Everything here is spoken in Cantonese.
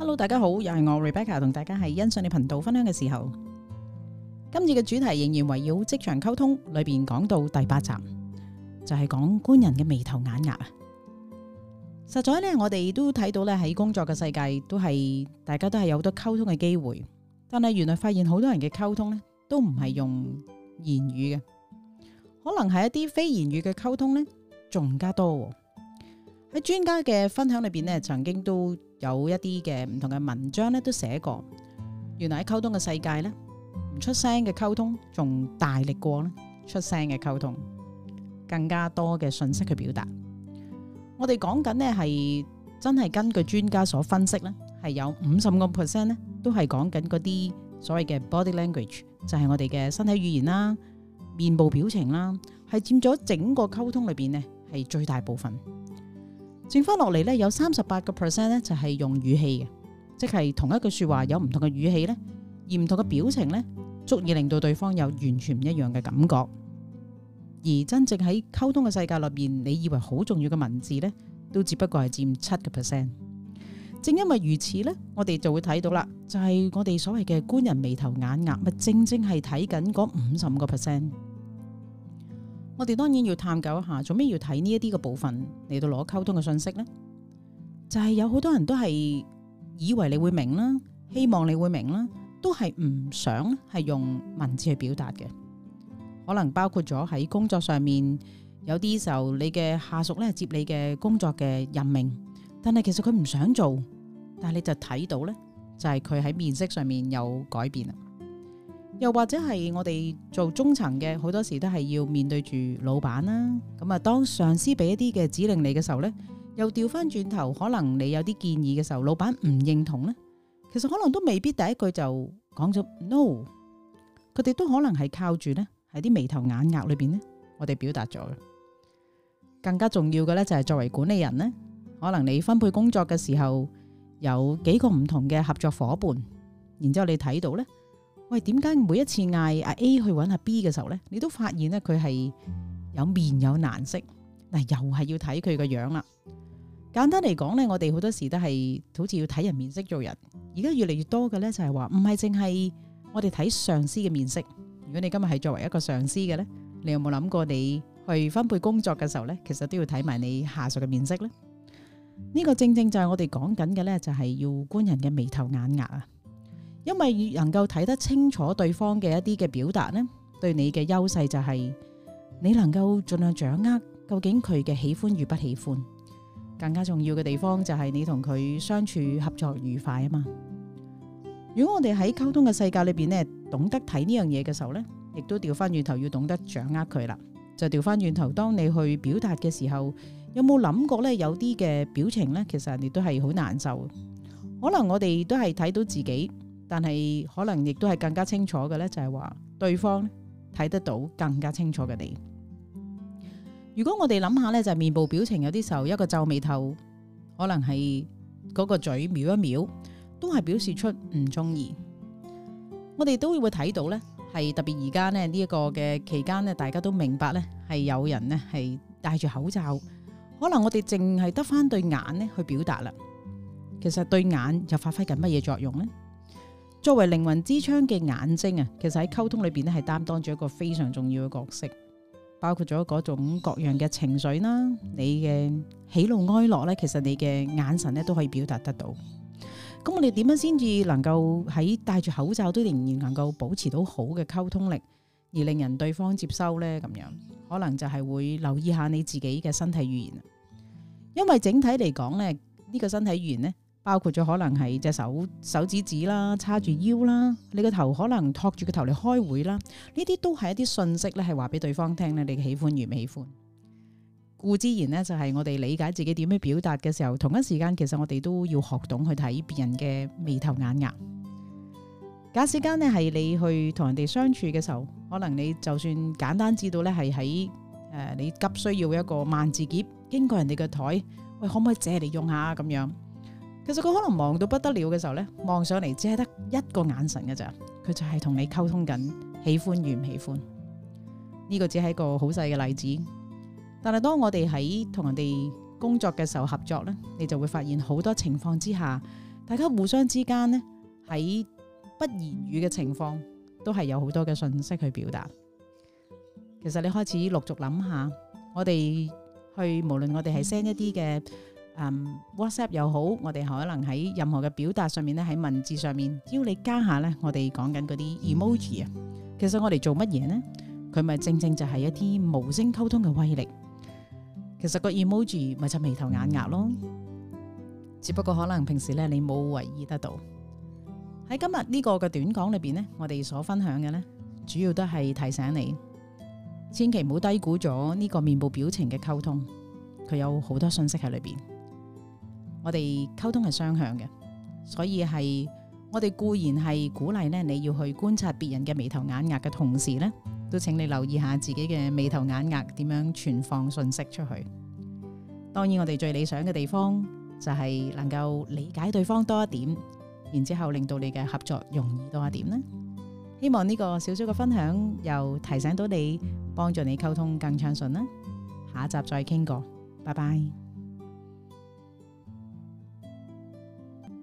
Hello，大家好，又係我 Rebecca 同大家喺欣賞你頻道分享嘅時候，今次嘅主題仍然圍繞職場溝通裏邊講到第八集，就係、是、講官人嘅眉頭眼額啊。實在呢，我哋都睇到咧，喺工作嘅世界都係，大家都係有好多溝通嘅機會，但係原來發現好多人嘅溝通咧都唔係用言語嘅，可能係一啲非言語嘅溝通咧仲加多喎。喺專家嘅分享裏邊咧，曾經都，.有一啲嘅唔同嘅文章咧，都寫過，原來喺溝通嘅世界咧，唔出聲嘅溝通仲大力過咧，出聲嘅溝通更加多嘅信息去表達。我哋講緊咧係真係根據專家所分析咧，係有五十五個 percent 咧都係講緊嗰啲所謂嘅 body language，就係我哋嘅身體語言啦、面部表情啦，係佔咗整個溝通裏邊咧係最大部分。剩翻落嚟咧，有三十八個 percent 咧，就係、是、用語氣嘅，即係同一句說話有唔同嘅語氣咧，而唔同嘅表情咧，足以令到對方有完全唔一樣嘅感覺。而真正喺溝通嘅世界內邊，你以為好重要嘅文字咧，都只不過係佔七個 percent。正因為如此咧，我哋就會睇到啦，就係、是、我哋所謂嘅官人眉頭眼額，咪正正係睇緊嗰五十五個 percent。我哋當然要探究一下，做咩要睇呢一啲嘅部分嚟到攞溝通嘅信息咧？就係、是、有好多人都係以為你會明啦，希望你會明啦，都係唔想係用文字去表達嘅。可能包括咗喺工作上面有啲時候，你嘅下屬咧，接你嘅工作嘅任命，但係其實佢唔想做，但係你就睇到咧，就係佢喺面色上面有改變啊。又或者係我哋做中層嘅，好多時都係要面對住老闆啦。咁啊，當上司俾一啲嘅指令你嘅時候咧，又調翻轉頭，可能你有啲建議嘅時候，老闆唔認同咧。其實可能都未必第一句就講咗 no，佢哋都可能係靠住咧，喺啲眉頭眼額裏邊咧，我哋表達咗嘅。更加重要嘅咧就係作為管理人咧，可能你分配工作嘅時候，有幾個唔同嘅合作伙伴，然之後你睇到咧。喂，點解每一次嗌阿 A 去搵阿 B 嘅時候咧，你都發現咧佢係有面有難色，嗱又係要睇佢個樣啦。簡單嚟講咧，我哋好多時都係好似要睇人面色做人。而家越嚟越多嘅咧就係話唔係淨係我哋睇上司嘅面色。如果你今日係作為一個上司嘅咧，你有冇諗過你去分配工作嘅時候咧，其實都要睇埋你下屬嘅面色咧？呢個正正就係我哋講緊嘅咧，就係要觀人嘅眉頭眼額啊！因為能夠睇得清楚對方嘅一啲嘅表達呢，對你嘅優勢就係你能夠盡量掌握究竟佢嘅喜歡與不喜歡。更加重要嘅地方就係你同佢相處合作愉快啊嘛。如果我哋喺溝通嘅世界裏邊呢，懂得睇呢樣嘢嘅時候呢，亦都調翻轉頭要懂得掌握佢啦。就調翻轉頭，當你去表達嘅時候，有冇諗過呢？有啲嘅表情呢，其實人哋都係好難受。可能我哋都係睇到自己。但係可能亦都係更加清楚嘅咧，就係話對方睇得到更加清楚嘅你。如果我哋諗下咧，就係面部表情有啲時候一個皺眉頭，可能係嗰個嘴瞄一秒，都係表示出唔中意。我哋都會睇到咧，係特別而家咧呢一個嘅期間咧，大家都明白咧係有人呢係戴住口罩，可能我哋淨係得翻對眼咧去表達啦。其實對眼就發揮緊乜嘢作用咧？作為靈魂之窗嘅眼睛啊，其實喺溝通裏邊咧，係擔當住一個非常重要嘅角色，包括咗各種各樣嘅情緒啦，你嘅喜怒哀樂咧，其實你嘅眼神咧都可以表達得到。咁我哋點樣先至能夠喺戴住口罩都仍然能夠保持到好嘅溝通力，而令人對方接收咧咁樣，可能就係會留意下你自己嘅身體語言，因為整體嚟講咧呢個身體語言呢。包括咗可能係隻手手指指啦，叉住腰啦，你個頭可能托住個頭嚟開會啦，呢啲都係一啲信息咧，係話俾對方聽咧，你喜歡與唔喜歡？故之然呢，就係、是、我哋理解自己點樣表達嘅時候，同一時間其實我哋都要學懂去睇別人嘅眉頭眼額。假使間呢係你去同人哋相處嘅時候，可能你就算簡單知道咧係喺誒，你急需要一個萬字夾，經過人哋嘅台，喂，可唔可以借嚟用下咁、啊、樣？其實佢可能忙到不得了嘅時候咧，望上嚟，只係得一個眼神嘅咋。佢就係同你溝通緊喜歡與唔喜歡。呢個只係一個好細嘅例子，但係當我哋喺同人哋工作嘅時候合作咧，你就會發現好多情況之下，大家互相之間呢，喺不言語嘅情況，都係有好多嘅信息去表達。其實你開始陸續諗下，我哋去無論我哋係 send 一啲嘅。嗯、um，WhatsApp 又好，我哋可能喺任何嘅表達上面咧，喺文字上面，只要你加下咧，我哋講緊嗰啲 emoji 啊，其實我哋做乜嘢呢？佢咪正正就係一啲無聲溝通嘅威力。其實個 emoji 咪就眉頭眼額咯，只不過可能平時咧你冇為意得到。喺今日呢個嘅短講裏邊呢，我哋所分享嘅呢，主要都係提醒你，千祈唔好低估咗呢個面部表情嘅溝通，佢有好多信息喺裏邊。我哋溝通係雙向嘅，所以係我哋固然係鼓勵呢，你要去觀察別人嘅眉頭眼額嘅同時呢，都請你留意下自己嘅眉頭眼額點樣存放信息出去。當然，我哋最理想嘅地方就係能夠理解對方多一點，然之後令到你嘅合作容易多一點呢。希望呢個小小嘅分享又提醒到你，幫助你溝通更暢順啦。下一集再傾過，拜拜。